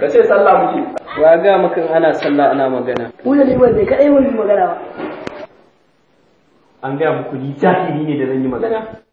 ka ce sallah muke wa ga maka ana sallah ana magana mu ne wanda ne kadai wani magana ba an ga muku ni jahili ne da zan yi magana